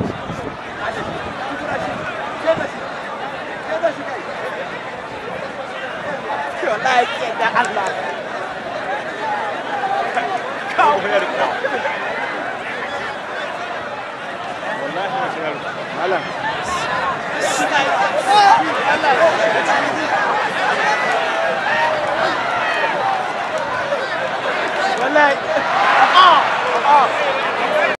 Good Oh, oh.